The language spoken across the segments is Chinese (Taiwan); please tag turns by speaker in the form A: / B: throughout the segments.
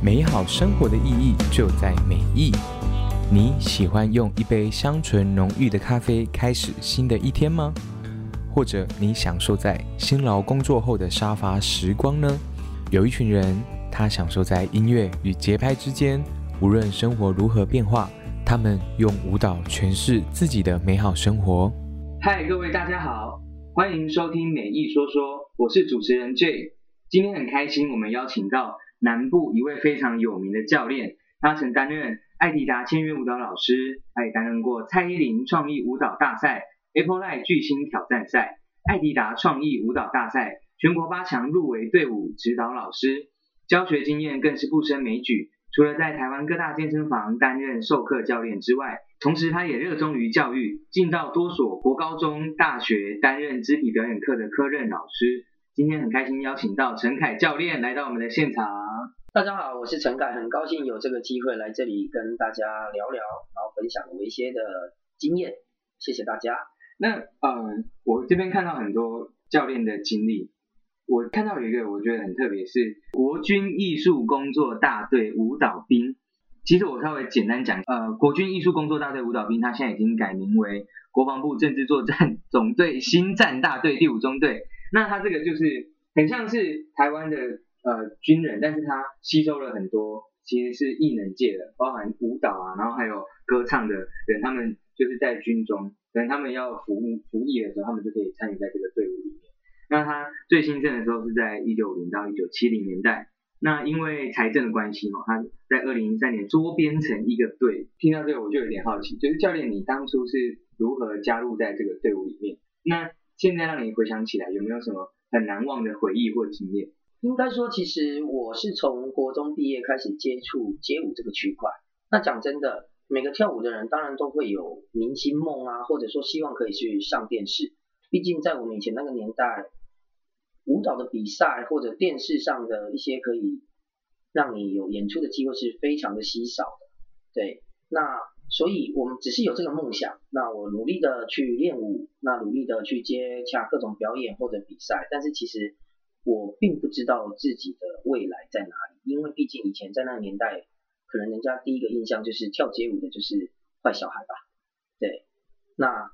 A: 美好生活的意義就在美意。你喜歡用一杯香醇濃郁的咖啡開始新的一天嗎？或者你享受在辛勞工作後的沙發時光呢？有一群人，他享受在音樂與節拍之間，無論生活如何變化，他們用舞蹈詮釋自己的美好生活。嗨，各位大家好，歡迎收聽美意說說，我是主持人 J。今天很開心，我們邀請到南部一位非常有名的教練，他曾擔任愛迪達簽約舞蹈老師，他也擔任過蔡依林創意舞蹈大賽、Appleline 巨星挑戰賽、愛迪達創意舞蹈大賽全國八強入圍隊伍指導老師，教學經驗更是不勝枚舉。除了在台灣各大健身房擔任授課教練之外，同時他也熱衷於教育，進到多所國高中、大學擔任肢體表演課的科任老
B: 師。今天很
A: 開心邀請到呈楷教練來到我們的現場。大家
C: 好，我是呈楷，很高興有這個機會來這裡跟大家聊聊，然後分享我一些的
A: 經驗。謝謝大家。那呃，我這邊看到很多教練的經歷，我看到有一個我覺得很特別，是國軍藝術工作大隊舞蹈兵。其實我稍微簡單講，呃，國軍藝術工作大隊舞蹈兵，他現在已經改名為國防部政治作戰總隊新戰大隊第五中隊。那他這個就是很像是台灣的呃，軍人，但是他吸收了很多其實是藝能界的，包含舞蹈啊，然後還有歌唱的人，他們就是在軍中，等他們要服務服役的時候，他們就可以參與在這個隊伍裡面。那他最興盛的時候是在一九五零到一九七零年代。那因為財政的關係嘛，哦，他在二零一三年縮編成一個隊。聽到這個我就有點好奇，就是教練你當初是如何加入在這個隊伍裡面？那？現在讓你回想起來，有沒有什麼很難忘的回憶或經驗？應該說，其實我是從國中
C: 畢業開始接觸街舞這個區塊。那講真的，每個跳舞的人當然都會有明星夢啊，或者說希望可以去上電視。畢竟在我們以前那個年代，舞蹈的比賽或者電視上的一些可以讓你有演出的機會是非常的稀少的。對，那。所以，我們只是有這個夢想。那我努力的去練舞，那努力的去接洽各種表演或者比賽。但是其實我並不知道自己的未來在哪裡，因為畢竟以前在那個年代，可能人家第一個印象就是跳街舞的就是壞小孩吧。對。那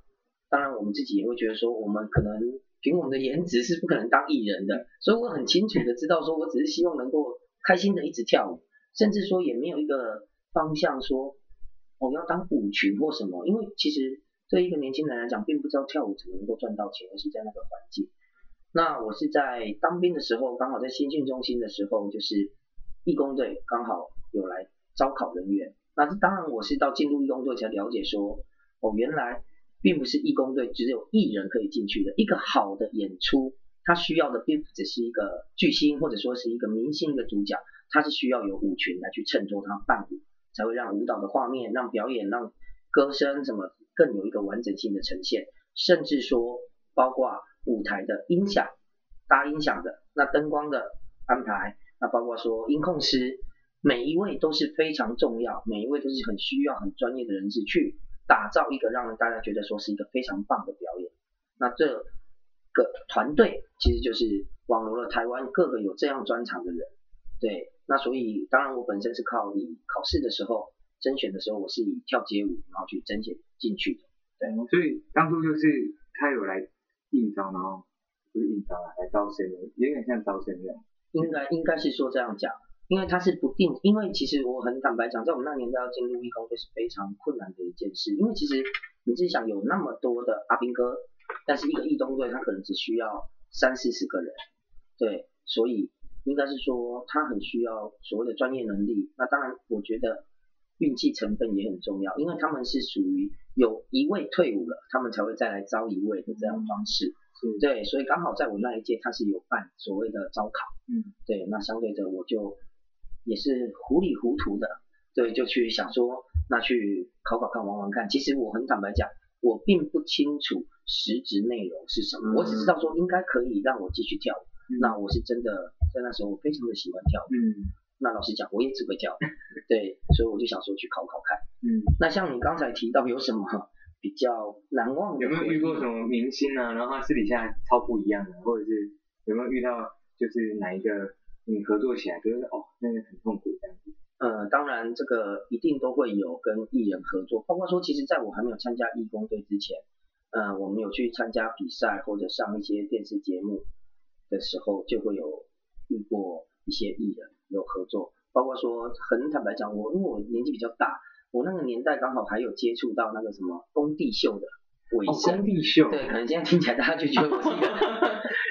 C: 當然，我們自己也會覺得說，我們可能憑我們的顏值是不可能當藝人的。所以我很清楚的知道說，我只是希望能夠開心的一直跳舞，甚至說也沒有一個方向說。我、哦、要當舞群或什麼，因為其實對一個年輕人來講，並不知道跳舞怎麼能夠賺到錢，而是在那個環境。那我是在當兵的時候，剛好在新訓中心的時候，就是藝工隊剛好有來招考人員。那當然，我是到進入藝工隊才了解說，哦，原來並不是藝工隊只有藝人可以進去的。一個好的演出，他需要的並不只是一個巨星，或者說是一個明星的主角，他是需要有舞群來去襯托他伴舞。才會讓舞蹈的畫面、讓表演、讓歌聲怎麼更有一個完整性的呈現，甚至說包括舞台的音響、搭音響的，那燈光的安排，那包括說音控師，每一位都是非常重要，每一位都是很需要很專業的人士去打造一個讓大家覺得說是一個非常棒的表演。那這個團隊其實就是網羅了台灣各個有這樣專長的人，對。那所以，當然我本身是靠以考試的時候甄選的時候，我是以跳街舞然後去甄選
A: 進去的。對，所以當初就是他有來應招，然後不是應招來招生的，有點像招生一樣。應該應該是說這樣講，
C: 因為他是不定，因為其實我很坦白講，在我們那年代要進入藝工隊是非常困難的一件事，因為其實你是想有那麼多的阿兵哥，但是一個藝工隊他可能只需要三四十個人，對，所以。應該是說他很需要所謂的專業能力，那當然我覺得運氣成分也很重要，因為他們是屬於有一位退伍了，他們才會再來招一位的這樣的方式。嗯，對，所以剛好在我那一屆他是有辦所謂的招考，嗯，對，那相對的我就也是糊裡糊塗的，對，就去想說那去考考看玩玩看。其實我很坦白講，我並不清楚實質內容是什麼，嗯，我只知道說應該可以讓我繼續跳舞。嗯、那我是真的在那時候我非常的喜歡跳舞，
B: 嗯，
C: 那老實講我也只會跳， 對，所以我就想說去考考看，嗯，那像你剛才提到有什麼
A: 比較難忘的？有沒有遇過什麼明星啊？然後私底下超不一樣的，或者是有沒有遇到就是哪一個你合作起來覺得、嗯、哦，那個很痛
C: 苦這樣子？呃，當然這個一定都會有跟藝人合作，包括說其實在我還沒有參加藝工隊之前，嗯、呃，我們有去參加比賽或者上一些電視節目的時候就會有遇過一些藝人有合作，包括說，很坦白講，我因為我年紀比較大，我那個年代剛好還有接觸到那個什麼工地秀的尾聲、哦，工地秀。對，可能現在聽起來大家就覺得我是一個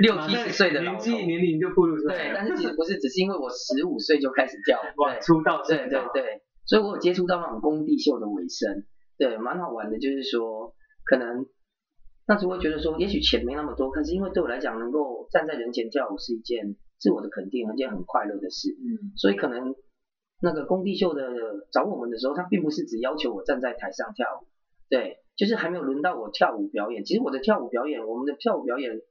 C: 六七十歲的 年紀年齡就暴露對，但是其實不是，只是因為我十五歲就開始跳
A: 對，出道對對
C: 對，所以我有接觸到那種工地秀的尾聲，對，蠻好玩的，就是說可能。那只會覺得說，也許錢沒那麼多，可是因為對我來講，能夠站在人前跳舞是一件自我的肯定，而且很快樂的事。
B: 嗯，所以可
C: 能那個工地秀的找我們的時候，他並不是只要求我站在臺上跳舞，對，就是還沒有輪到我跳舞表演。其實我的跳舞表演，我們的跳舞表演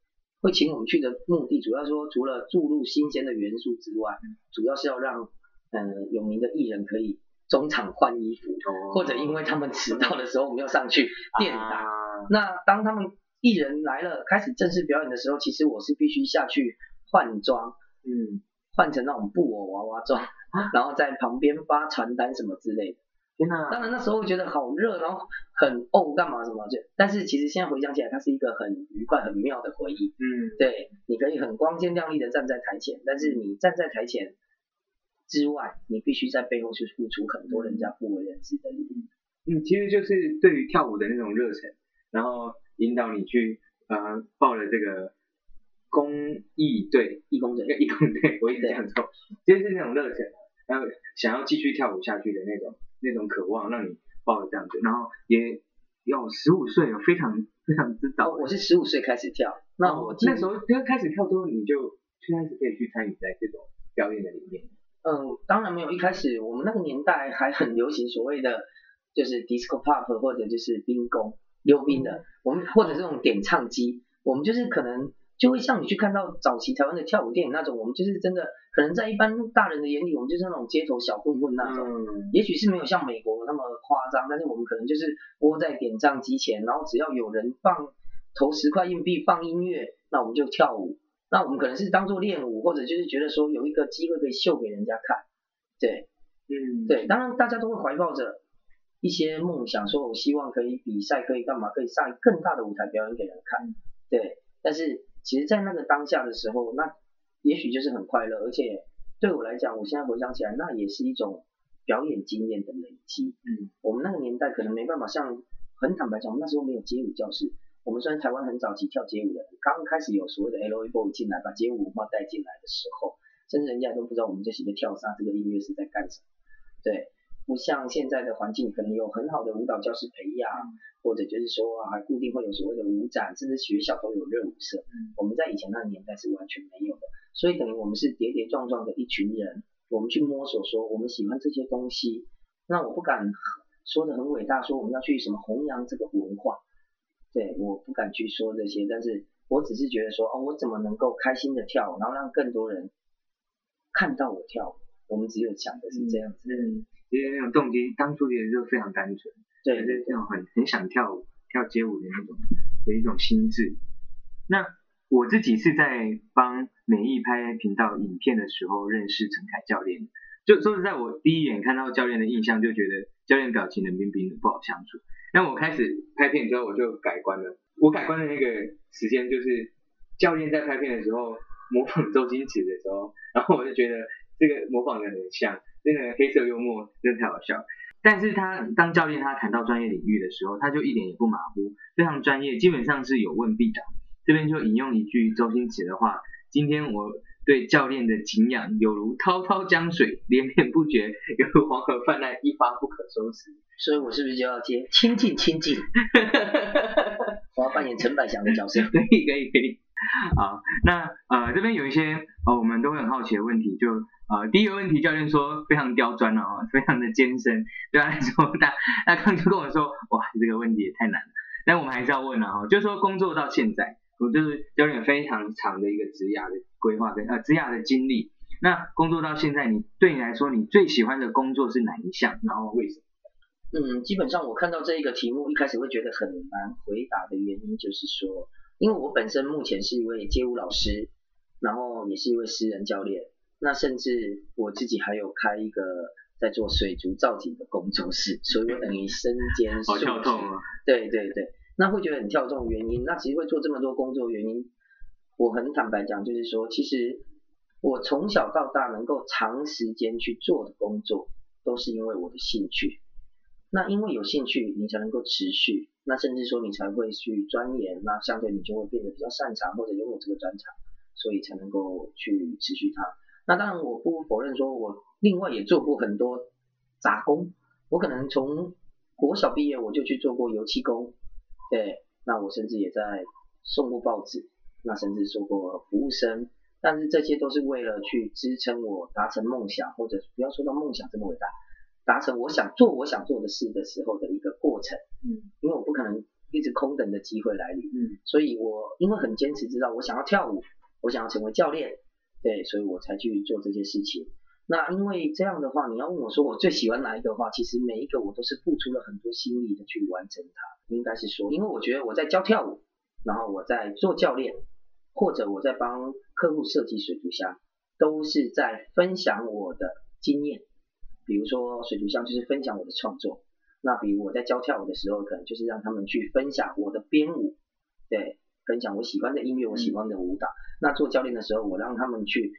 C: 會請我們去的目的，主要說除了注入新鮮的元素之外，主要是要讓嗯、呃、有名的藝人可以中場換衣服、哦，或者因為他們遲到的時候，我們要上去墊檔。啊那當他們藝人來了，開始正式表演的時候，其實我是必須下去換裝，嗯，換成那種布偶娃娃裝， 然後在旁邊發傳單什麼之類的。天哪，當然那時候我覺得好熱，然後很哦幹嘛什麼就，但是其實現在回想起來，它是一個很愉快、很妙的回憶。嗯，對，你可以很光鮮亮麗的站在台前，但是你站在台前之外，你必須在背後去付出很多人家不為人知的努力。
A: 嗯，其實就是對於跳舞的那種熱忱。然後引導你去，呃，報了這個公益隊，義工隊，因為義工隊我也這樣做，就是那種熱情呃，想要繼續跳舞下去的那種，那種渴望讓你報了這樣子。然後也,也有十五歲有非常非常知道、哦，我是十五歲開始跳，
B: 那我記得那時候、嗯、剛
A: 開始跳多，你就最開始可以去參與在這種表演的裡面。嗯，當然
C: 沒有，一開始我們那個年代還很流行所謂的就是 disco pop 或者就是冰工。溜冰的，我們或者，這種點唱機，我們就是可能就會像你去看到早期台灣的跳舞電影那種，我們就是真的，可能在一般大人的眼裡，我們就是那種街頭小混混那種。嗯。也許是沒有像美國那麼誇張，但是我們可能就是窩在點唱機前，然後只要有人放，投十塊硬幣放音樂，那我們就跳舞。那我們可能是當做練舞，或者就是覺得說有一個機會可以秀給人家看。對。嗯。對，當然大家都會懷抱着。一些夢想，說我希望可以比賽，可以幹嘛，可以上更大的舞台表演給人看。對，但是其實，在那個當下的時候，那也許就是很快樂，而且對我來講，我現在回想起來，那也是一種表演經驗的累積。嗯，我們那個年代可能沒辦法，像很坦白講，我們那時候沒有街舞教室。我們雖然台灣很早期跳街舞的，剛開始有所謂的 L.A. Boyz 進來把街舞文化帶進來的時候，甚至人家都不知道我們這些跳沙這個音樂是在幹什麼。對。不像現在的環境，可能有很好的舞蹈教室培養，或者就是說啊，固定會有所謂的舞展，甚至學校都有熱舞社，嗯，我們在以前那個年代是完全沒有的，所以等於我們是跌跌撞撞的一群人，我們去摸索說我們喜歡這些東西。那我不敢說的很偉大，說我們要去什麼弘揚這個文化，對，我不敢去說這些，但是我只是覺得說哦，我怎麼能夠開心的跳舞，然後讓更多人看到我跳舞。我們只有想
A: 的是這樣子，其、嗯、實，那種動機當初也實就是非常單純，就是那種很很想跳舞，跳街舞的那種，的一種心智。那我自己是在幫美意拍頻道影片的時候認識呈楷教練。就說實在，我第一眼看到教練的印象就覺得教練表情冷冰冰，不好相處。那我開始拍片之後，我就改觀了。我改觀的那個時間就是教練在拍片的時候模仿周星馳的時候，然後我就覺得。這個模仿的很像，真的黑色幽默真的太好笑。但是他當教練，他談到專業領域的時候，他就一點也不馬虎，非常專業，基本上是有問必答。這邊就引用一句周星馳的話，今天我對教練的敬仰，有如滔滔江水連綿不絕，有如黃河泛濫一發不可收拾。所以，我是不是就要接
C: 親近親近？ 我要扮演陳百祥的角色， 可以可以可以。
B: 啊、哦，
A: 那呃這邊有一些呃、哦、我們都會很好奇的問題，就呃第一個問題，教練說非常刁鑽了、哦、非常的艱深，對啊，說他他剛跟我說，哇你這個問題也太難了，那我們還是要問了、啊、哈，就是、說工作到現在，我就是教練有非常長的一個職涯的規劃跟呃職涯的經歷，那工作到現在你對你來說你最喜歡的工作是哪一項，然後為什麼？嗯，基本上我看到這一個題目一開始
C: 會覺得很難回答的原因就是說。因為我本身目前是一位街舞老師，然後也是一位私人教練，那甚至我自己還有開一個在做水族造景的工作室，所以我等於身兼數職。好跳痛啊！對對對，那會覺得很跳痛的原因，那其實會做這麼多工作的原因，我很坦白講，就是說，其實我從小到大能夠長時間去做的工作，都是因為我的興趣。那因為有興趣，你才能夠持續。那甚至說你才會去鑽研，那相對你就會變得比較擅長或者擁有這個專長，所以才能夠去持續它。那當然我不，不否認說，我另外也做過很多雜工，我可能從國小畢業我就去做過油漆工，對，那我甚至也在送過報紙，那甚至做過服務生，但是這些都是為了去支撐我達成夢想，或者不要說到夢想這麼偉大。達成我想做我想做的事的時候的一個過程，嗯，因為我不可能一直空等的機會來臨，嗯，所以我因為很堅持，知道我想要跳舞，我想要成為教練，對，所以我才去做這些事情。那因為這樣的話，你要問我說我最喜歡哪一個的話，其實每一個我都是付出了很多心力的去完成它。應該是說，因為我覺得我在教跳舞，然後我在做教練，或者我在幫客戶設計水族箱，都是在分享我的經驗。比如說水族箱就是分享我的創作，那比如我在教跳舞的時候，可能就是讓他們去分享我的編舞，對，分享我喜歡的音樂，我喜歡的舞蹈、嗯。那做教練的時候，我讓他們去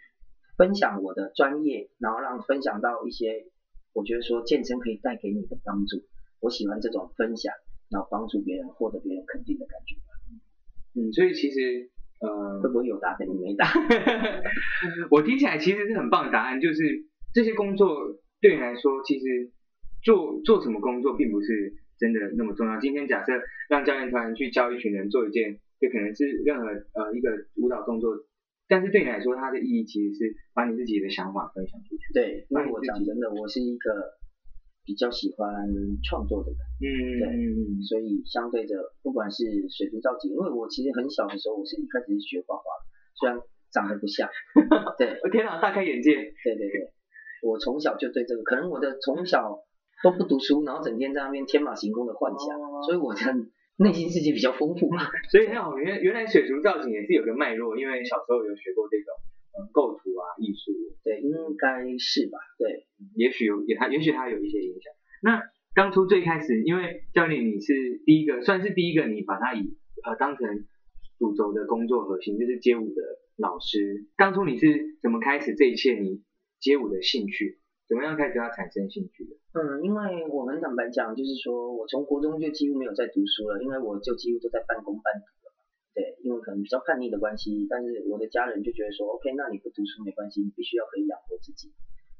C: 分享我的專業，然後讓分享到一些我覺得說健身可以帶給你的幫助。我喜歡這種分享，然後幫
A: 助別人、獲得別人肯定的感覺。嗯，所以其實呃、嗯，會不會有答等於沒答？ 我聽起來其實是很棒的答案，就是這些工作。對你來說，其實做做什麼工作並不是真的那麼重要。今天假設讓教練團去教一群人做一件，就可能是任何呃一個舞蹈動作，但是對你來說，它的意義其實是把你自己的想法分享出
B: 去。對，因為我講
A: 真的，我是一個比較喜歡創作的人。嗯嗯嗯嗯。所以
C: 相對的，不管是水族造景，因為我其實很小的時候，我是一開始學畫畫，雖然長得不像。 對，我 天吶，大開眼界。對對，對對。我從小就對這個，可能我的從小都不讀書，然後整天在那邊天馬行空的幻想，所以我的
A: 內心世界比較豐富嘛。所以很好，原原來水族造景也是有個脈絡，因為小
B: 時候有學過這個，構圖啊，藝術、嗯。對，應該是吧？對，
A: 嗯、也許有，也他也許他有一些影響。那當初最開始，因為教練你是第一個，算是第一個你把它以呃當成主軸的工作核心，就是街舞的老師。當初你是怎麼開始這一切？你？街舞的興趣，怎麼樣可以跟他產生興趣的？嗯，因為我很坦白講，就是說我從國中就幾乎沒有在讀
C: 書了，因為我就幾乎都在半工半讀了嘛。對，因為可能比較叛逆的關係，但是我的家人就覺得說，OK，那你不讀書沒關係，你必須要可以養活自己。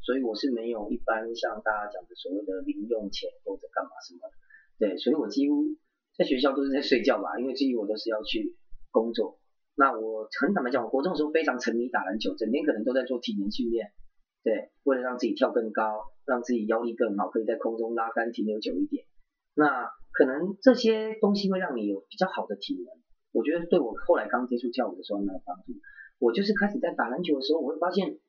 C: 所以我是沒有一般像大家講的所謂的零用錢或者幹嘛什麼的。對，所以我幾乎在學校都是在睡覺嘛，因為至於我都是要去工作。那我很坦白講，我國中的時候非常沉迷打籃球，整天可能都在做體能訓練。對，為了讓自己跳更高，讓自己腰力更好，可以在空中拉桿停留久一點，那可能這些東西會讓你有比較好的體能，我覺得對我後來剛接觸跳舞的時候很有幫助。我就是開始在打籃球的時候，我會發現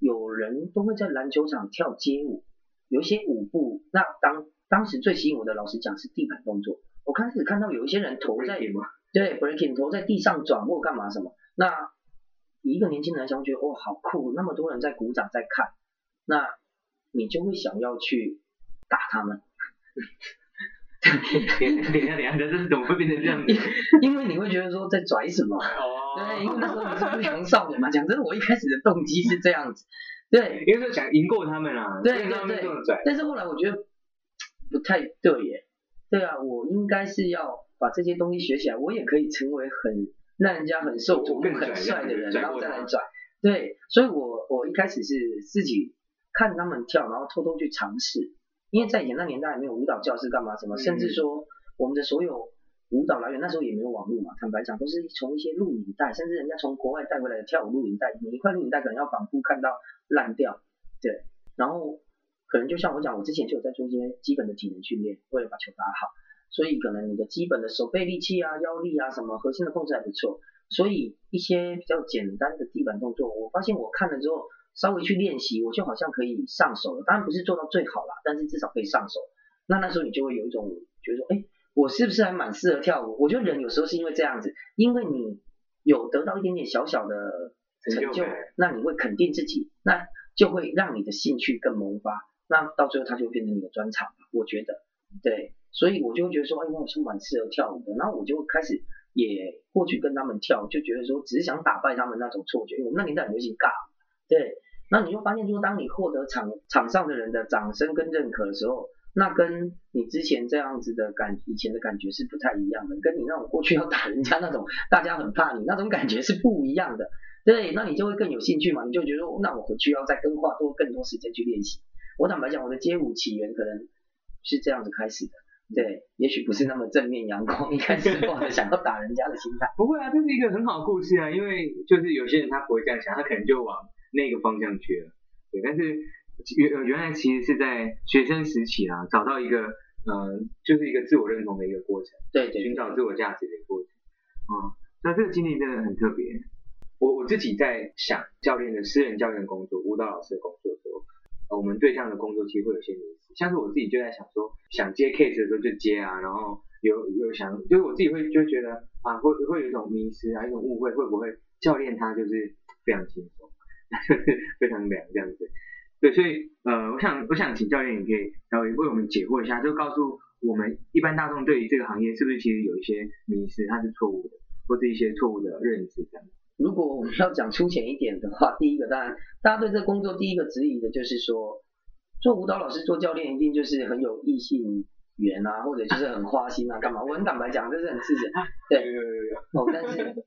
C: 有人都會在籃球場跳街舞，有一些舞步。那當當時最吸引我的，老實講是地板動作。我開始看到有一些人頭在 Break，對，breaking 頭在地上轉或幹嘛什麼。那你一個年輕男小孩覺得哇、哦、好酷，那麼多人在鼓掌在看，那你就會想要去打他們。
B: 等下等下等下，等
C: 下等下，這是怎麼會變成這樣的？ 因為你會覺得說在拽什麼、哦？對，因為那時候我
A: 是不良少年嘛、哦。講真的，我一開始的動機是這樣子。對，因為說想贏過他們啊。
B: 對對對，對。
C: 但是後來我覺得不太對耶。對啊，我應該是要把這些東西學起來，我也可以成為很。那人家很瘦又很帥的人，然後再來轉，對。所以，我我一開始是自己看他們跳，然後偷偷去嘗試。因為在以前那年代，沒有舞蹈教室幹嘛什麼，甚至說我們的所有舞蹈來源，那時候也沒有網絡嘛。坦白講，都是從一些錄影帶，甚至人家從國外帶回來的跳舞錄影帶，每一塊錄影帶可能要反覆看到爛掉。對。然後可能就像我講，我之前就有在做一些基本的體能訓練，為了把球打好。所以可能你的基本的手背力氣啊、腰力啊、什麼核心的控制還不錯，所以一些比較簡單的地板動作，我發現我看了之後，稍微去練習，我就好像可以上手了。當然不是做到最好啦，但是至少可以上手。那那時候你就會有一種覺得說，哎，我是不是還蠻適合跳舞？我覺得人有時候是因為這樣子，因為你有得到一點點小小的成就，那你會肯定自己，那就會讓你的興趣更萌發，那到最後它就變成你的專長，我覺得，對。所以我就會覺得說，哎，那我是蠻適合跳舞的。然後我就開始也過去跟他們跳舞，就覺得說，只是想打敗他們那種錯覺。哎、那年代很流行尬，對。那你就發現，說當你獲得場場上的人的掌聲跟認可的時候，那跟你之前這樣子的感以前的感覺是不太一樣的，跟你那種過去要打人家那種 大家很怕你那種感覺是不一樣的，對。那你就會更有興趣嘛，你就覺得說，那我回去要再更花多更多時間去練習。我坦白講，我的街舞起源可能是這樣子開始的。對，也許不是那麼正面
A: 陽光，一開始抱著想要打人家的心態。 不會啊，這是一個很好的故事啊，因為就是有些人他不會這樣想，他可能就往那個方向去了。對，但是原原來其實是在學生時期啊，找到一個嗯、呃，就是一個自我認同的一個過程，對對，對，尋找自我價值的一個過程。
B: 啊、嗯，那這個經歷真的很特別。
A: 我我自己在想，教練的私人教練工作，舞蹈老師的工作的時候。我們對這樣的工作其實會有些迷思，像是我自己就在想說，想接 case 的時候就接啊，然後有有想，就是我自己會就覺得啊，會會有一種迷思啊，一種誤會，會不會教練他就是非常輕鬆呵呵，非常涼這樣子？對，所以呃，我想我想請教練也可以稍微為我們解惑一下，就告訴我們一般大眾對於這個行業是不是其實有一些迷思，他是錯誤的，或者一些錯誤的認知這樣如果我們
C: 要講粗淺一點的話，第一個當然大家對這工作第一個質疑的就是說，做舞蹈老師做教練一定就是很有異性緣啊，或者就是很花心啊，幹嘛？ 我很坦白講，這、就是很自然。對， 哦，但是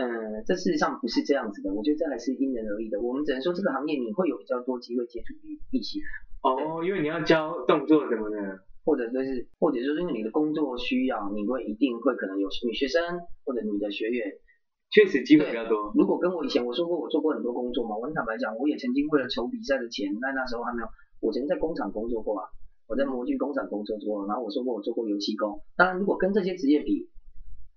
C: 嗯、呃，這事實上不是這樣子的。我覺得這還是因人而異的。我們只能說這個行業你會有比較多機會接觸異性。哦，
A: 因為你要教動作什麼的，或者說、
C: 就是，或者說是因為你的工作需要，你會一定會可能有女學生或者你的學員。確實機會比較多。如果跟我以前我說過，我做過很多工作嘛，我很坦白講，我也曾經為了籌比賽的錢，那那時候還沒有，我曾經在工廠工作過啊，我在模具工廠工作過，然後我說過，我做過油漆工。當然，如果跟這些職業比，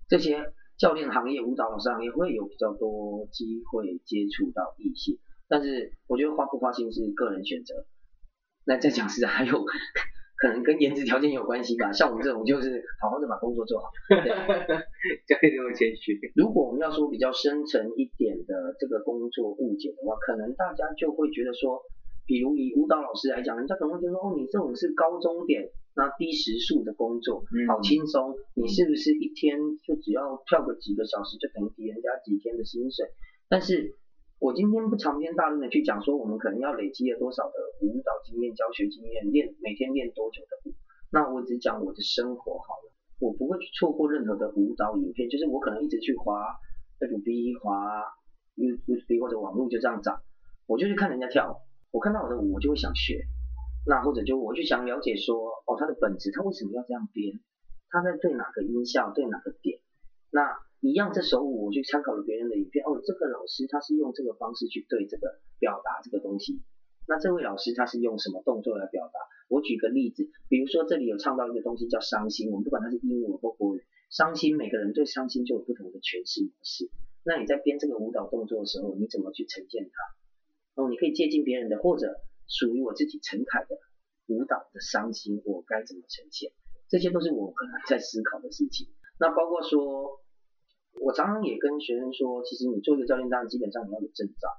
C: 這些教練行業、舞蹈老師行業會有比較多機會接觸到異性，但是我覺得花不花心是個人選擇。那再講實在還有。 可能跟顏值條件有關係吧，像我們這種就是好好的把工作做好，哈哈哈哈。加一點謙虛。如果我們要說比較深層一點的這個工作誤解的話，可能大家就會覺得說，
A: 比如以舞
C: 蹈老師來講，人家可能會覺得說哦，你這種是高中點那低時數的工作，嗯，好輕鬆，你是不是一天就只要跳個幾個小時就等於人家幾天的薪水？但是我今天不長篇大論的去講說，我們可能要累積了多少的舞蹈經驗、教學經驗，練每天練多久的舞。那我只講我的生活好了，我不會去錯過任何的舞蹈影片，就是我可能一直去滑 FB、B、滑 YouTube 或者網絡就這樣找，我就去看人家跳舞，我看到我的舞我就會想學，那或者就我就想了解說，哦，他的本質，他為什麼要這樣編，他在對哪個音效對哪個點，那。一樣，這首舞我去參考了別人的影片。哦，這個老師他是用這個方式去對這個表達這個東西。那這位老師他是用什麼動作來表達？我舉個例子，比如說這裡有唱到一個東西叫傷心，我們不管它是英文或國語，傷心，每個人對傷心就有不同的詮釋模式。那你在編這個舞蹈動作的時候，你怎麼去呈現它？哦，你可以借鑒別人的，或者屬於我自己呈楷的舞蹈的傷心，我該怎麼呈現？這些都是我可能在思考的事情。那包括說。我常常也跟學生說，其實你做一個教練，當然基本上你要有證照，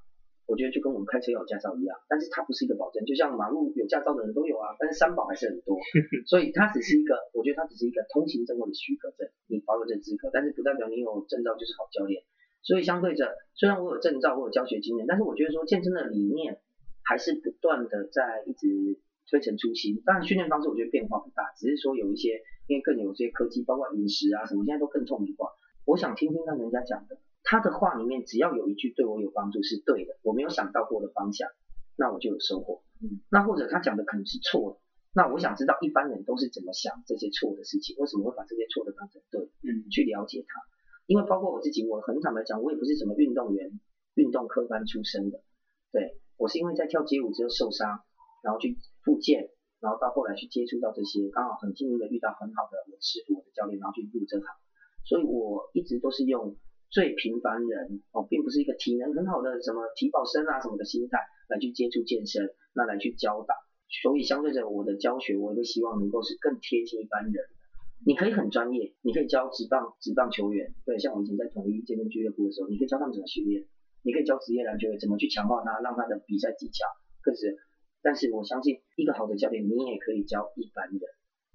C: 我覺得就跟我們開車要有駕照一樣，但是它不是一個保證，就像馬路有駕照的人都有啊，但是三寶還是很多，所以它只是一個， 我覺得它只是一個通行證或者許可證，你保有這資格，但是不代表你有證照就是好教練。所以相對着，雖然我有證照，我有教學經驗，但是我覺得說健身的理念還是不斷的在一直推陳出新。當然訓練方式我覺得變化不大，只是說有一些因為更有這些科技，包括飲食啊什麼，現在都更透明化。我想聽聽看人家講的，他的話裡面只要有一句對我有幫助是對的，我沒有想到過的方向，那我就有收穫。嗯，那或者他講的可能是錯的，那我想知道一般人都是怎麼想這些錯的事情，為什麼會把這些錯的當成對？嗯，去了解他，因為包括我自己，我很坦白講，我也不是什麼運動員，運動科班出身的，對，我是因為在跳街舞之後受傷，然後去復健，然後到後來去接觸到這些，剛好很幸運的遇到很好的我師傅、我的教練，然後去入這行。所以我一直都是用最平凡人哦，並不是一個體能很好的什麼體保生啊什麼的心態來去接觸健身，那來去教導。所以相對着我的教學，我也希望能夠是更貼近一般人。嗯、
B: 你可以很
C: 專業，你可以教職棒職棒球員，對，像我以前在統一健身俱樂部的時候，你可以教他們怎麼訓練，你可以教職業籃球員怎麼去強化他，讓他的比賽技巧更是。但是我相信一個好的教練，你也可以教一般人。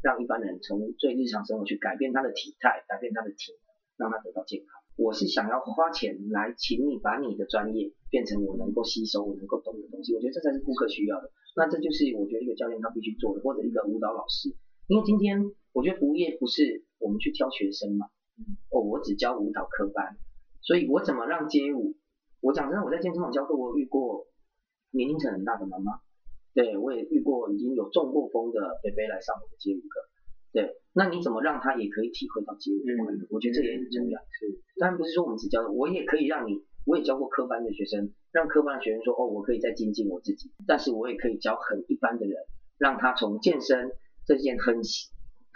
C: 讓一般人從最日常生活去改變他的體態，改變他的體能，讓他得到健康。我是想要花錢來，請你把你的專業變成我能夠吸收、我能夠懂的東西。我覺得這才是顧客需要的。那這就是我覺得一個教練他必須做的，或者一個舞蹈老師。因為今天我覺得服務業不是我們去挑學生嘛。
B: 嗯、
C: 哦，我只教舞蹈科班，所以我怎麼讓街舞？我講真的，我在健身房教課，我遇過年齡層很大的媽媽。對，我也遇過已經有中過風的北北來上我的街舞課。對，那你怎麼讓他也可以體會到街舞？嗯，我覺得這也很重要。嗯、是，當然不是說我們只教我也可以讓你，我也教過科班的學生，讓科班的學生說，哦，我可以再精進我自己。但是我也可以教很一般的人，讓他從健身這件很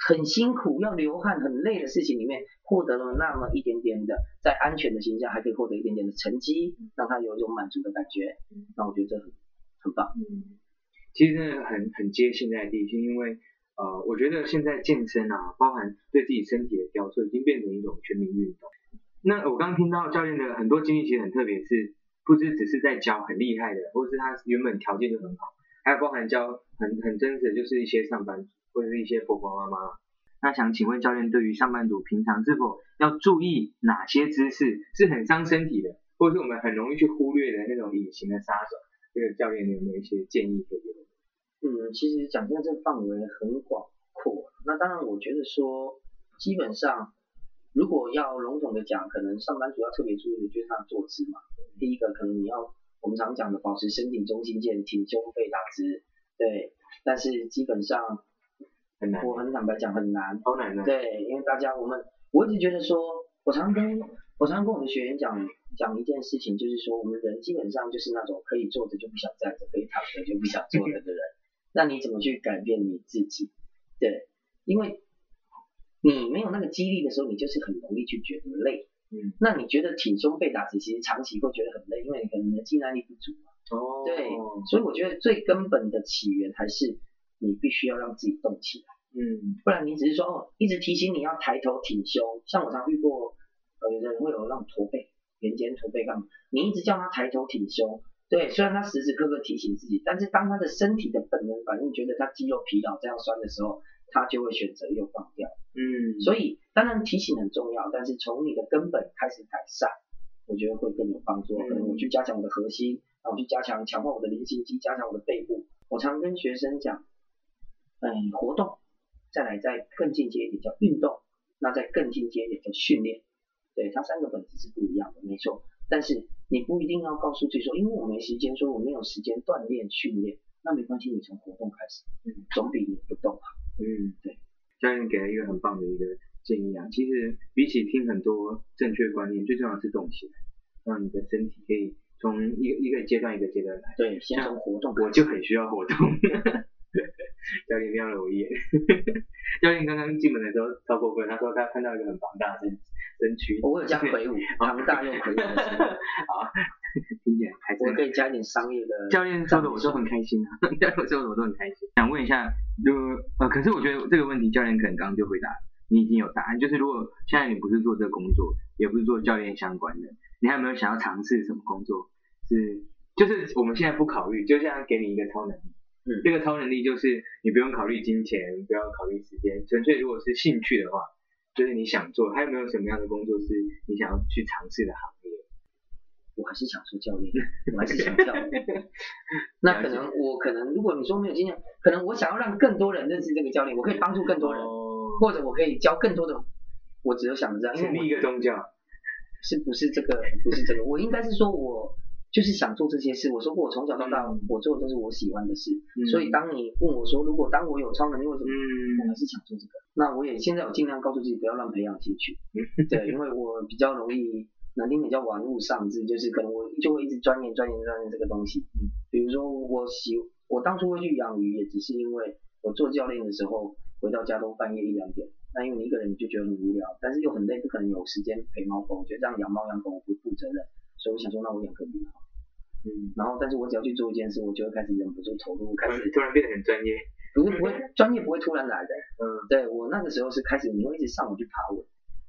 C: 很辛苦、要流汗、很累的事情裡面，獲得了那麼一點點的，在安全的情況下還可以獲得一點點的成績，
A: 讓他有一種滿足的感覺。那我覺得這很很棒。嗯其實真的很很接現在地氣，是因為呃，我覺得現在健身啊，包含對自己身體的雕塑，已經變成一種全民運動。那我剛聽到教練的很多經歷，其實很特別是，是不只只是在教很厲害的，或者是他原本條件就很好，還有包含教很很真實的，就是一些上班族或者是一些婆婆媽媽。那想請問教練，對於上班族平常是否要注意哪些姿勢是很傷身體的，或者是我們很容易去忽略的那種隱形的殺手？這個教練，你有沒有一些建議給嗯，其實講這個範圍很廣闊，那當然我覺得說，基本
C: 上如果要籠統的講，可能上班族要特別注意的就是他的坐姿嘛、嗯。第一個，可能你要我們常講的保持身體中心線，挺胸背打直。對，但是基本上，很難，我很坦白講很難。好難哪。對，因為大家我們我一直覺得說，我常常跟我常跟我們的學員講講一件事情，就是說我們人基本上就是那種可以坐着就不想站着，可以躺着就不想坐着的人。 那你怎麼去改變你自己？對，因為你沒有那個激勵的時候，你就是很容易去覺得累。嗯。那你覺得挺胸背打直其實長期會覺得很累，因為你可能你的肌耐力不足嘛、啊。哦。對。所以我覺得最根本的起源還是你必須要讓自己動起來。
B: 嗯。不
C: 然你只是說哦，一直提醒你要抬頭挺胸，像我常遇過。有的人會有那種駝背，圓肩駝背，幹嘛？你一直叫他抬頭挺胸，對，雖然他時時刻刻提醒自己，但是當他的身體的本能反應覺得他肌肉疲勞這樣酸的時候，他就會選擇又放掉。嗯，所以當然提醒很重要，但是從你的根本開始改善，我覺得會更有幫助。嗯、可能我去加強我的核心，然後去加強強化我的菱形肌，加強我的背部。我常跟學生講，嗯，活動，再來再更進階一點叫運動，那再更進階一點叫訓練。對，它三個本質是不一樣的，沒錯。但是你不一定要告訴自己說，因為我沒時間，說我沒有時間鍛煉訓練，那沒關係，你從活動開
A: 始，嗯，總比你不動好啊。嗯，對，教練給了一個很棒的一個建議啊。其實比起聽很多正確觀念，最重要是動起來，讓你的身體可以從一一個階段一個階段來。對，先從活動開始。我就很需要活動。 教練瞄了我一眼， 教練剛剛進門的時候超過分，他說他看到一個很龐大的身身軀，我有加魁梧，龐 大又魁梧， 好，聽起來
C: 還是我可以加一點商業的。教練做的我都很
A: 開心啊，教練做的我都很開心。 我開心 想問一下，就呃，可是我覺得這個問題教練可能剛剛就回答，你已經有答案，就是如果現在你不是做這個工作，也不是做教練相關的，你還有沒有想要嘗試什麼工作？是，就是我們現在不考慮，就這樣給你一個超能力。嗯，這個超能力就是你不用考慮金錢，不要考慮時間，純粹如果是興趣的話，就是你想做。還有沒有什麼樣的工作是你想要去嘗試的行業？我還是想做教練，我
B: 還是想教練。 那可能
A: 我可能，如果你說沒有經驗，
C: 可能我想要讓更多人認識這個教練，我可以幫助更多人，哦、或者我可以教更多的。我只有想的這。因為一個宗教？是不是這個？不是這個， 我應該是說我。就是想做這些事。我說過我從小到大，嗯、我做的都是我喜歡的事，嗯。所以當你問我說，如果當我有超能力，為什麼、嗯、我還是想做這個？那我也現在我盡量告訴自己不要亂培養興趣，嗯、對，因為我比較容易，難聽比較玩物喪志，就是可能我就會一直鑽研鑽研鑽研這個東西。嗯。比如說我喜，我當初會去養魚，也只是因為我做教練的時候，回到家都半夜一兩點，那因為你一個人就覺得很無聊，但是又很累，不可能有時間陪貓狗。我覺得這樣養貓養狗我不負責任。所以我想說，那我養個魚好。嗯，然後，但是我只要去做一件事，我就會開始忍不住投入，開始突然變得很專業。不會不會、嗯、專業不會突然來的。嗯，對我那個時候是開始，你會一直上網去爬文，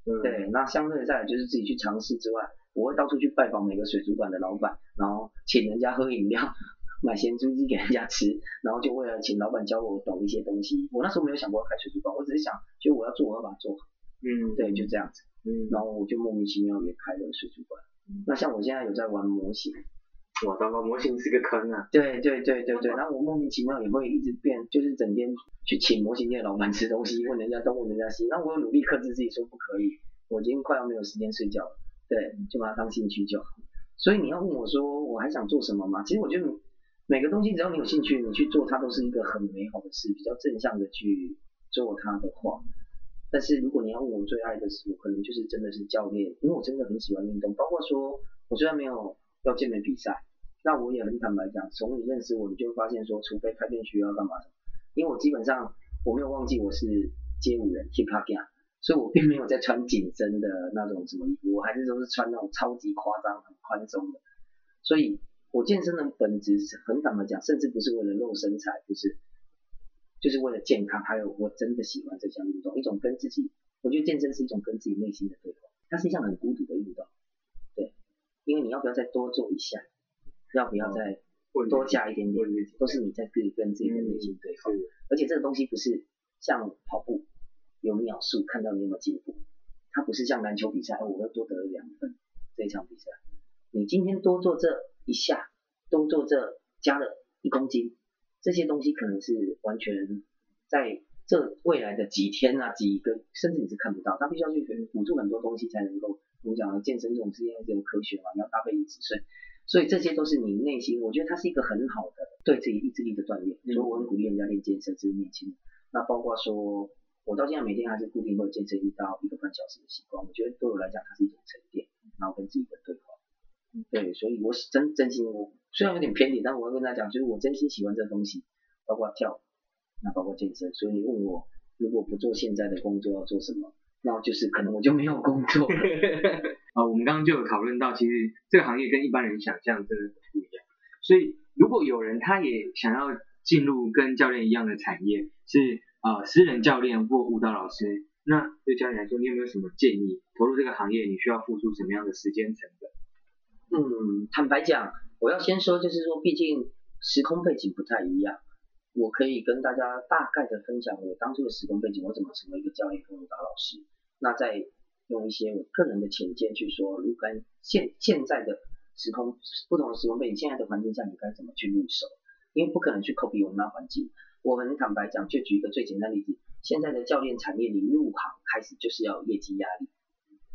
C: 嗯，對，那相對再來就是自己去嘗試之外，我會到處去拜訪每個水族館的老板，然後請人家喝飲料，買鹹酥雞給人家吃，然後就為了請老板教我懂一些東西。我那時候沒有想過要開水族館，我只是想，就我要做，我要把它做好。嗯，對，就這樣子。嗯，然後我就莫名其妙也開了水族館。嗯、那像我現在有在玩模型，哇，當玩模型是個坑啊！對對對對對，然後我莫名其妙也會一直變，就是整天去請模型店老板吃東西，問人家東問人家西，然後我努力克制自己說不可以，我今天快要沒有時間睡覺了，對，就把它當興趣就好。所以你要問我說我還想做什麼嗎？其實我覺得每個東西只要你有興趣，你去做它都是一個很美好的事，比較正向的去做它的話。但是如果你要問我最愛的是，我可能就是真的是教練，因為我真的很喜歡運動。包括說，我雖然沒有要健美比賽，那我也很坦白講，從你認識我，你就會發現說，除非開練需要幹嘛，因為我基本上我沒有忘記我是街舞人 hip hop guy，所以我並沒有在穿緊身的那種什麼衣服，我還是都是穿那種超級誇張、很寬鬆的。所以我健身的本質是，很坦白講，甚至不是為了露身材，就是。就是為了健康，還有我真的喜歡這項運動，一種跟自己，我覺得健身是一種跟自己內心的對話，它是一項很孤獨的運動，對，因為你要不要再多做一下，要不要再多加一點點，嗯，都是你在自己跟自己的內心對話，嗯，而且這個東西不是像跑步有秒數看到你有沒有進步，它不是像籃球比賽，哎，我又多得了兩分這一場比賽，你今天多做這一下，多做這加了一公斤。這些東西可能是完全在這未來的幾天啊幾個，甚至你是看不到，它必須要去輔助很多東西才能夠。我們講健身這種事業這種科學嘛、啊，要搭配飲食，所以這些都是你內心，我覺得它是一個很好的對自己意志力的鍛鍊。所以我很鼓勵人家練健身，這是年輕人。那包括說我到現在每天還是固定會健身一到一個半小時的習慣，我覺得對我來講它是一種沉澱，然後跟自己的對話。對，所以我是真真心。我。雖然有點偏激，但我會跟大家講，就是我真心喜歡這東西，包括跳舞，那包括健身。所以你問我，如果不做現在的工作要做什麼，那就是
A: 可能我就沒有工作了。啊， 我們剛剛就有討論到，其實這個行業跟一般人想象真的不一樣。所以如果有人他也想要進入跟教練一樣的產業，是、呃、私人教練或舞蹈老師，那對教練來說，你有沒有什麼建議？投入這個行業，你需要付出什麼樣的時間成本？嗯，坦
C: 白講。我要先說，就是說，畢竟時空背景不太一樣，我可以跟大家大概的分享我當初的時空背景，我怎麼成為一個教練跟舞蹈老師。那再用一些我個人的淺見去說，如果現現在的時空不同的時空背景，現在的環境下，你該怎麼去入手？因為不可能去 copy 我們那環境。我很坦白講，就舉一個最簡單例子，現在的教練產業你入行開始就是要有業績壓力，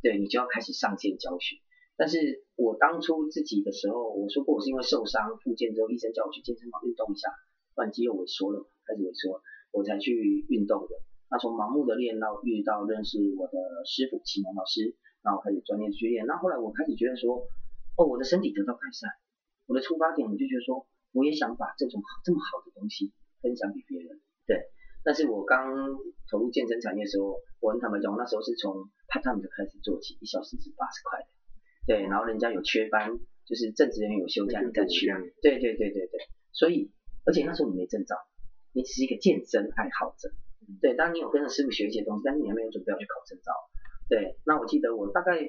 C: 對，你就要開始上線教學。但是我當初自己的時候，我說過我是因為受傷復健之後，醫生叫我去健身房運動一下，不然肌肉萎縮了，開始萎縮，我才去運動的。那從盲目的練到遇到認識我的師傅啟蒙老師，然後開始專業訓練。那後，後來我開始覺得說，哦，我的身體得到改善。我的出發點我就覺得說，我也想把這種這麼好的東西分享給別人。對。但是我剛投入健身產業的時候，我很坦白講，我那時候是從 part time 就開始做起，一小時是八十塊。對，然後人家有缺班，就是正職人員有休假，你再去。對對對對對，所以，而且那時候你沒證照，你只是一個健身愛好者。對，當你有跟着師傅學一些東西，但是你還沒有準備要去考證照。對，那我記得我大概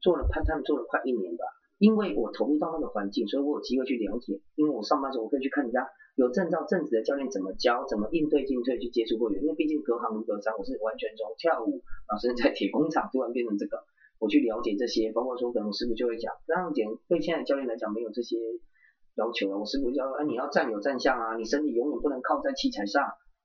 C: 做了，他他們做了快一年吧，因為我投入到那個環境，所以我有機會去了解，因為我上班時候我可以去看人家有證照正職的教練怎麼教，怎麼應對進退去接觸會員，因為畢竟隔行如隔山，我是完全從跳舞，老師在鐵工廠，突然變成這個。我去了解這些，包括說可能我師傅就會講，那樣講對現在的教練來講沒有這些要求啊。我師傅就哎、啊，你要站有站相啊，你身體永遠不能靠在器材上，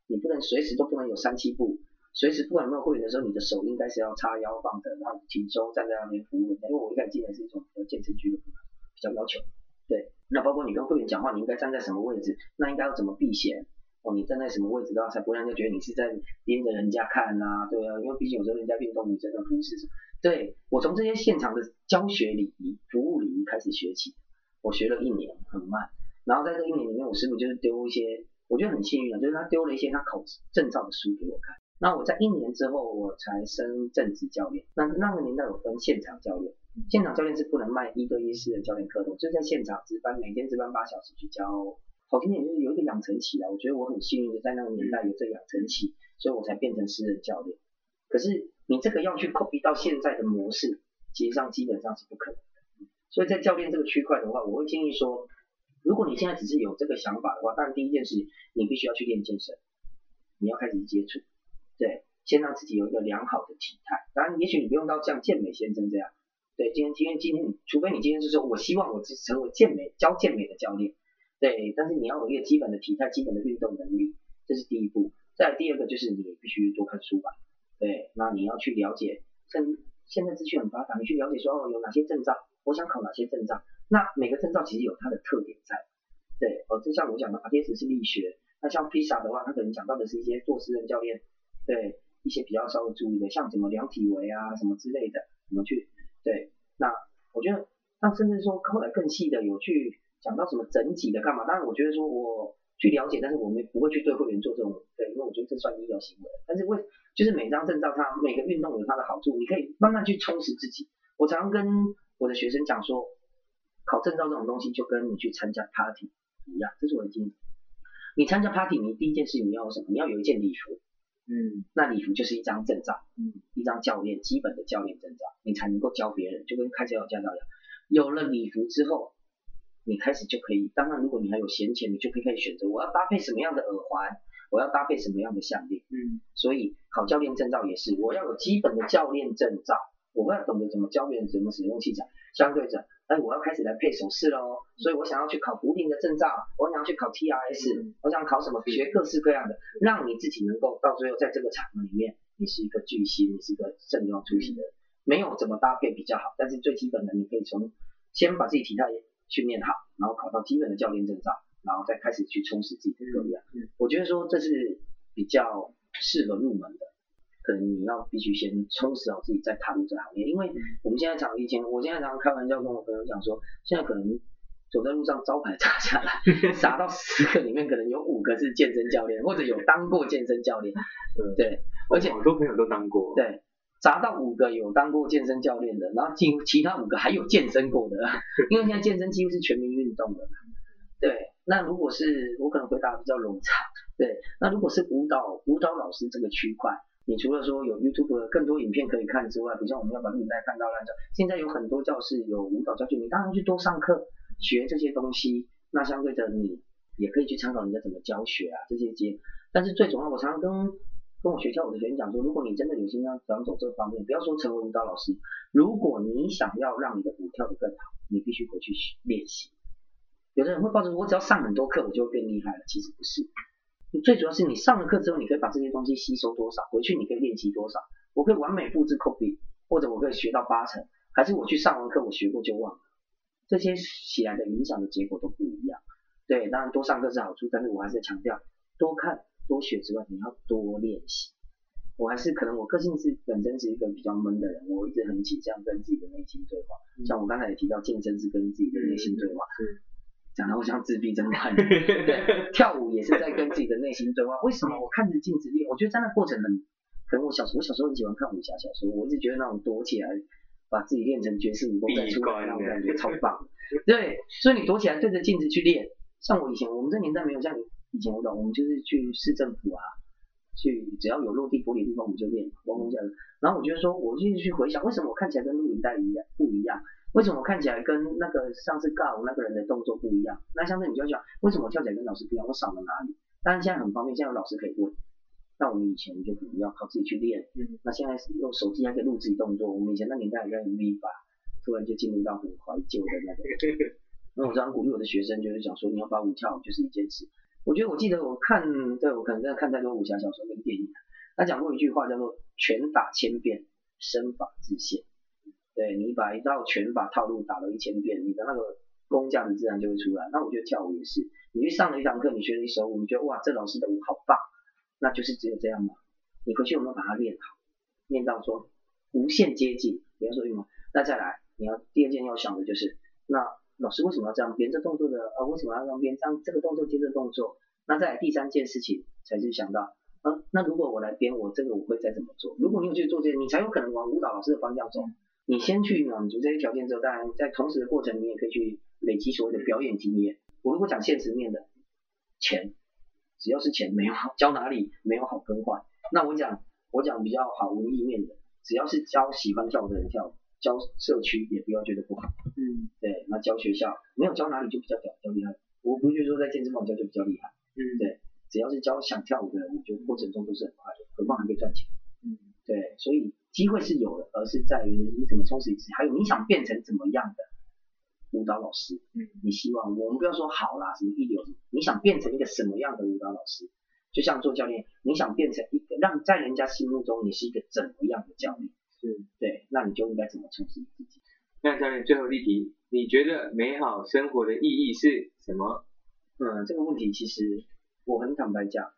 C: 你不能隨時都不能有三七步，隨時不管有沒有會員的時候，你的手應該是要叉腰放的然後挺胸站在那邊服務。因為我一概記得是一種健身俱樂部的比較要求，對。那包括你跟會員講話，你應該站在什麼位置？那應該要怎麼避嫌？哦，你站在什麼位置的話，才不會讓人家覺得你是在盯着人家看啊？對啊，因為畢竟有時候人家運動，你真的不是。對，我從這些現場的教學禮儀、服務禮儀開始學起，我學了一年，很慢。然後在這一年裡面，我師傅就是丟一些，我覺得很幸運啊，就是他丟了一些他考證照的書給我看。那我在一年之後，我才升正職教練。那那個年代有分現場教練，現場教練是不能賣一對一私人教練課的，我就在現場值班，每天值班八小時去教。好聽點就是有一個養成期啊，我覺得我很幸運的在那個年代有這個養成期，所以我才變成私人教練。可是你這個要去 copy 到現在的模式，其實上基本上是不可能的。所以在教練這個區塊的話，我會建議說，如果你現在只是有這個想法的話，當然第一件事你必須要去練健身，你要開始接觸，對，先讓自己有一個良好的體態。當然，也許你不用到像健美先生這樣，對，今天今天今天，除非你今天是說我希望我只是成為健美，教健美的教練，對，但是你要有一個基本的體態、基本的運動能力，這是第一步。再來第二個就是你必須多看書吧。對，那你要去了解，現現在資訊很發達，你去了解說哦，有哪些證照，我想考哪些證照，那每個證照其實有它的特點在。對，哦，就像我講的 RTS 是力學，那像 Pisa 的話，他可能講到的是一些做私人教練，對，一些比較稍微注意的，像怎麼量體圍啊什麼之類的，怎麼去對，那我覺得那甚至說後來更細的有去講到什麼整體的幹嘛，當然我覺得說我。去了解，但是我們不會去對會員做這種，對，因為我覺得這算醫療行為。但是為，就是每張證照它每個運動有它的好處，你可以慢慢去充實自己。我常跟我的學生講說，考證照這種東西就跟你去參加 party 一樣，嗯，這是我的經驗。你參加 party，你第一件事你要有什麼？你要有一件禮服，嗯，那禮服就是一張證照，嗯，一張教練基本的教練證照，你才能夠教別人，就跟開車要駕照一樣。有了禮服之後。你開始就可以，當然，如果你還有閒錢，你就可以選擇我要搭配什麼樣的耳環，我要搭配什麼樣的項鏈，嗯，所以考教練證照也是，我要有基本的教練證照，我們要懂得怎麼教別人怎麼使用器材，相對着，哎，我要開始來配首飾嘍，嗯，所以我想要去考不同的證照，我想要去考 TRS，嗯、我想考什麼，學各式各樣的、嗯，讓你自己能夠到最後在這個場合裡面，你是一個巨星，你是一個盛裝出席的，沒有怎麼搭配比較好，但是最基本的你可以從先把自己體態。去練好，然後考到基本的教練證照，然後再開始去充實自己的各樣。我覺得說這是比較適合入門的，可能你要必須先充實好自己再踏入這行業。因為我們現在常以前，我現在常常開玩笑跟我朋友講說，現在可能走在路上招牌砸下來，砸到十個裡面可能有五個是健身教練或者有當過健身教練。對，嗯，而且，哦，好多朋友都當過。對。砸到五個有當過健身教練的。然後其其他五個還有健身過的，因為現在健身幾乎是全民運動的。對，那如果是我可能回答比較冗長。對，那如果是舞蹈舞蹈老師這個區塊，你除了說有 YouTube 的更多影片可以看之外，比如說我們要把錄影帶看到爛掉。現在有很多教室有舞蹈教練，你當然去多上課學這些東西。那相對的，你也可以去參考人家怎麼教學啊這些街，但是最重要，我常常跟跟我學跳舞的學員講說，如果你真的有心要想走這方面，不要說成為舞蹈老師，如果你想要讓你的舞跳得更好，你必須回去練習。有的人會抱說，我只要上很多課，我就會變厲害了，其實不是。你最主要是你上了課之後，你可以把這些東西吸收多少，回去你可以練習多少。我可以完美複制 copy，或者我可以學到八成，還是我去上完課我學過就忘了，這些起來的影響的結果都不一樣。對，當然多上課是好處，但是我還是強調，多看。多學之外，你要多練習。我還是可能，我個性是本身是一個比較悶的人，我一直很緊張跟自己的內心對話，嗯。像我剛才也提到健身是跟自己的內心對話，嗯嗯、講的我像自閉症一樣，嗯、對， 跳舞也是在跟自己的內心對話。為什麼我看着鏡子練？我覺得在那過程很……可能我小時候我小時候很喜歡看武俠小說，我一直覺得那種躲起來把自己練成絕世武功再出來那種感覺超棒。
B: 對， 所以
C: 你躲起來對着鏡子去練。像我以前，我們這年代沒有像你。以前我懂，我們就是去市政府啊，去只要有落地玻璃的地方我們就練，光棍這樣。然後我就是說，我就去回想，為什麼我看起來跟錄影帶一樣不一樣？為什麼我看起來跟那個上次尬舞那個人的動作不一樣？那相對你就要講，為什麼我跳起來跟老師不一樣？我少了哪裡？但是現在很方便，現在有老師可以問。那我們以前就可能要靠自己去練。嗯。那現在用手機還可以錄自己動作。我們以前那年代要錄筆法，突然就進入到很懷舊的那個。那 我這樣鼓勵我的學生，就是講說，你要把舞跳好就是一件事。我覺得我記得我看，對，我可能真的看太多武俠小說跟電影。他講過一句話叫做“拳法千遍身法自限”。對，你把一道拳法套路打了一千遍，你的那個功架你自然就會出來。那我覺得跳舞也是，你去上了一堂課，你學了一首舞，你覺得哇，這老師的舞好棒，那就是只有這樣嘛。你回去有們有把它練好，練到說無限接近？不要說用啊。那再來，你要第二件要想的就是那。老師為什麼要這樣編這動作的啊？為什麼要這樣編讓這個動作接着動作？那在第三件事情才是想到，啊，那如果我來編我這個我會再怎麼做？如果你有去做這些，你才有可能往舞蹈老師的方向走。你先去滿足這些條件之後，當然在同時的過程你也可以去累積所謂的表演經驗。我如果講現實面的，錢，只要是錢沒有好，教哪裡沒有好更換。那我講我講比較好文藝面的，只要是教喜歡跳舞的人跳舞。教社區也不要覺得不好，嗯，對，那教學校沒有教哪裡就比較屌，比較厲害。我不是說在健身房教就比較厲害，嗯，對，只要是教想跳舞的人，我覺得過程中都是很快樂，何況還可以賺錢，嗯，對，所以機會是有的，而是在於你怎麼充實自己，還有你想變成怎麼樣的舞蹈老師，嗯，你希望我們不要說好啦，什麼一流，你想變成一個什麼樣的舞蹈老師？就像做教練，你想變成一個讓在人家心目中你是一個怎麼樣的教練？嗯，對，
B: 那
A: 你就應該怎麼充實你自己？那下面最後一題，你覺得美好生活的意義是什麼？嗯，這個問題其實我很坦白講，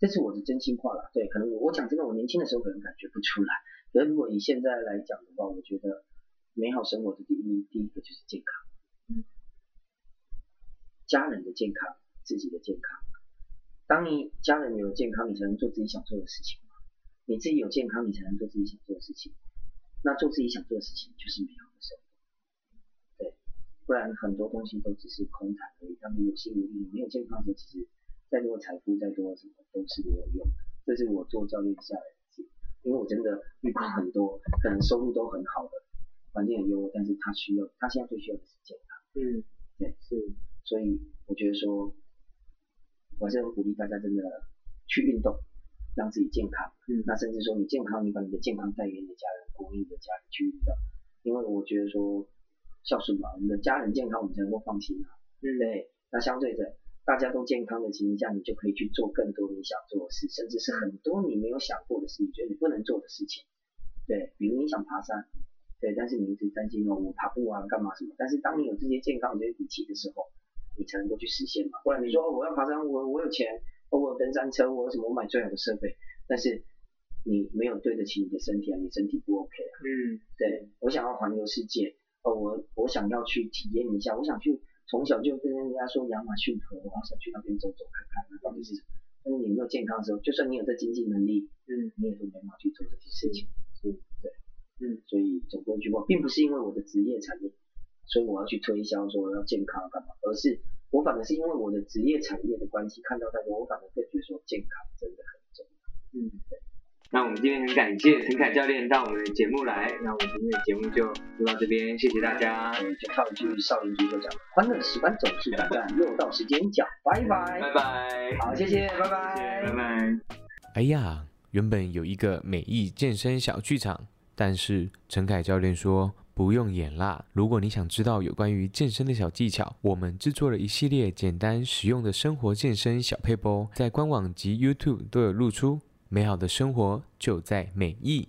C: 這是我的真心話了。對，可能我我講真的，我年輕的時候可能感覺不出來。可是如果以現在來講的話，我覺得美好生活的意義，第一個就是健康，
B: 嗯，
C: 家人的健康，自己的健康。當你家人有健康，你才能做自己想做的事情。你自己有健康，你才能做自己想做的事情。那做自己想做的事情就是美好的生活，對。不然很多東西都只是空談而已。所以當你有心無力，沒有健康的時候，其實再多財富，再多什麼都是沒有用的。這是我做教練下來的事，因為我真的遇到很多可能收入都很好的，環境也優，但是他需要，他現在最需要的是健康。嗯，對，是。所以我覺得說，我還是很鼓勵大家真的去運動。讓自己健康，嗯，那甚至說你健康，你把你的健康帶給你的家人，鼓勵你的家人去，因為我覺得說孝順嘛，你的家人健康，我們才能夠放心嘛，嗯對。那相對的，大家都健康的情形下，你就可以去做更多你想做的事，甚至是很多你沒有想過的事，事、嗯，你覺得你不能做的事情，對，比如你想爬山，對，但是你一直擔心哦，我爬不完，幹嘛什麼，但是當你有這些健康，這些底氣的時候，你才能夠去實現嘛，不然你說我要爬山，我我有錢。哦、我登山車，我為什麼？我買最好的設備，但是你沒有對得起你的身體啊，你身體不 OK 啊。嗯，對我想要環遊世界，哦，我我想要去體驗一下，我想去從小就跟人家說亞馬遜河，我想去那邊走走看看，那到底是什麼？但是你沒有健康的時候，就算你有這經濟能力，嗯，你也不沒法去做這些事情，是，對，嗯，所以總歸一句話，並不是因為我的職業產業，所以我要去推銷說我要健康幹嘛，而是。我反而是因為我的職業產業的關係，看到在我反而更覺得說，健康
A: 真的很重要。嗯，對。那我們今天很感謝呈楷教練到我們的節目來，那我們今天的節目就錄到這邊，謝謝大家。全套劇少林足球講，歡樂時光總是短暫，又到時間角，拜、嗯、拜，拜拜。好，謝謝，拜拜，拜拜。哎呀，原本有一個美意健身小劇場，但是呈楷教練說。不用演啦！如果你想知道有關於健身的小技巧，我們製作了一系列簡單實用的生活健身小撇步，在官網及 YouTube 都有露出。美好的生活就在美意。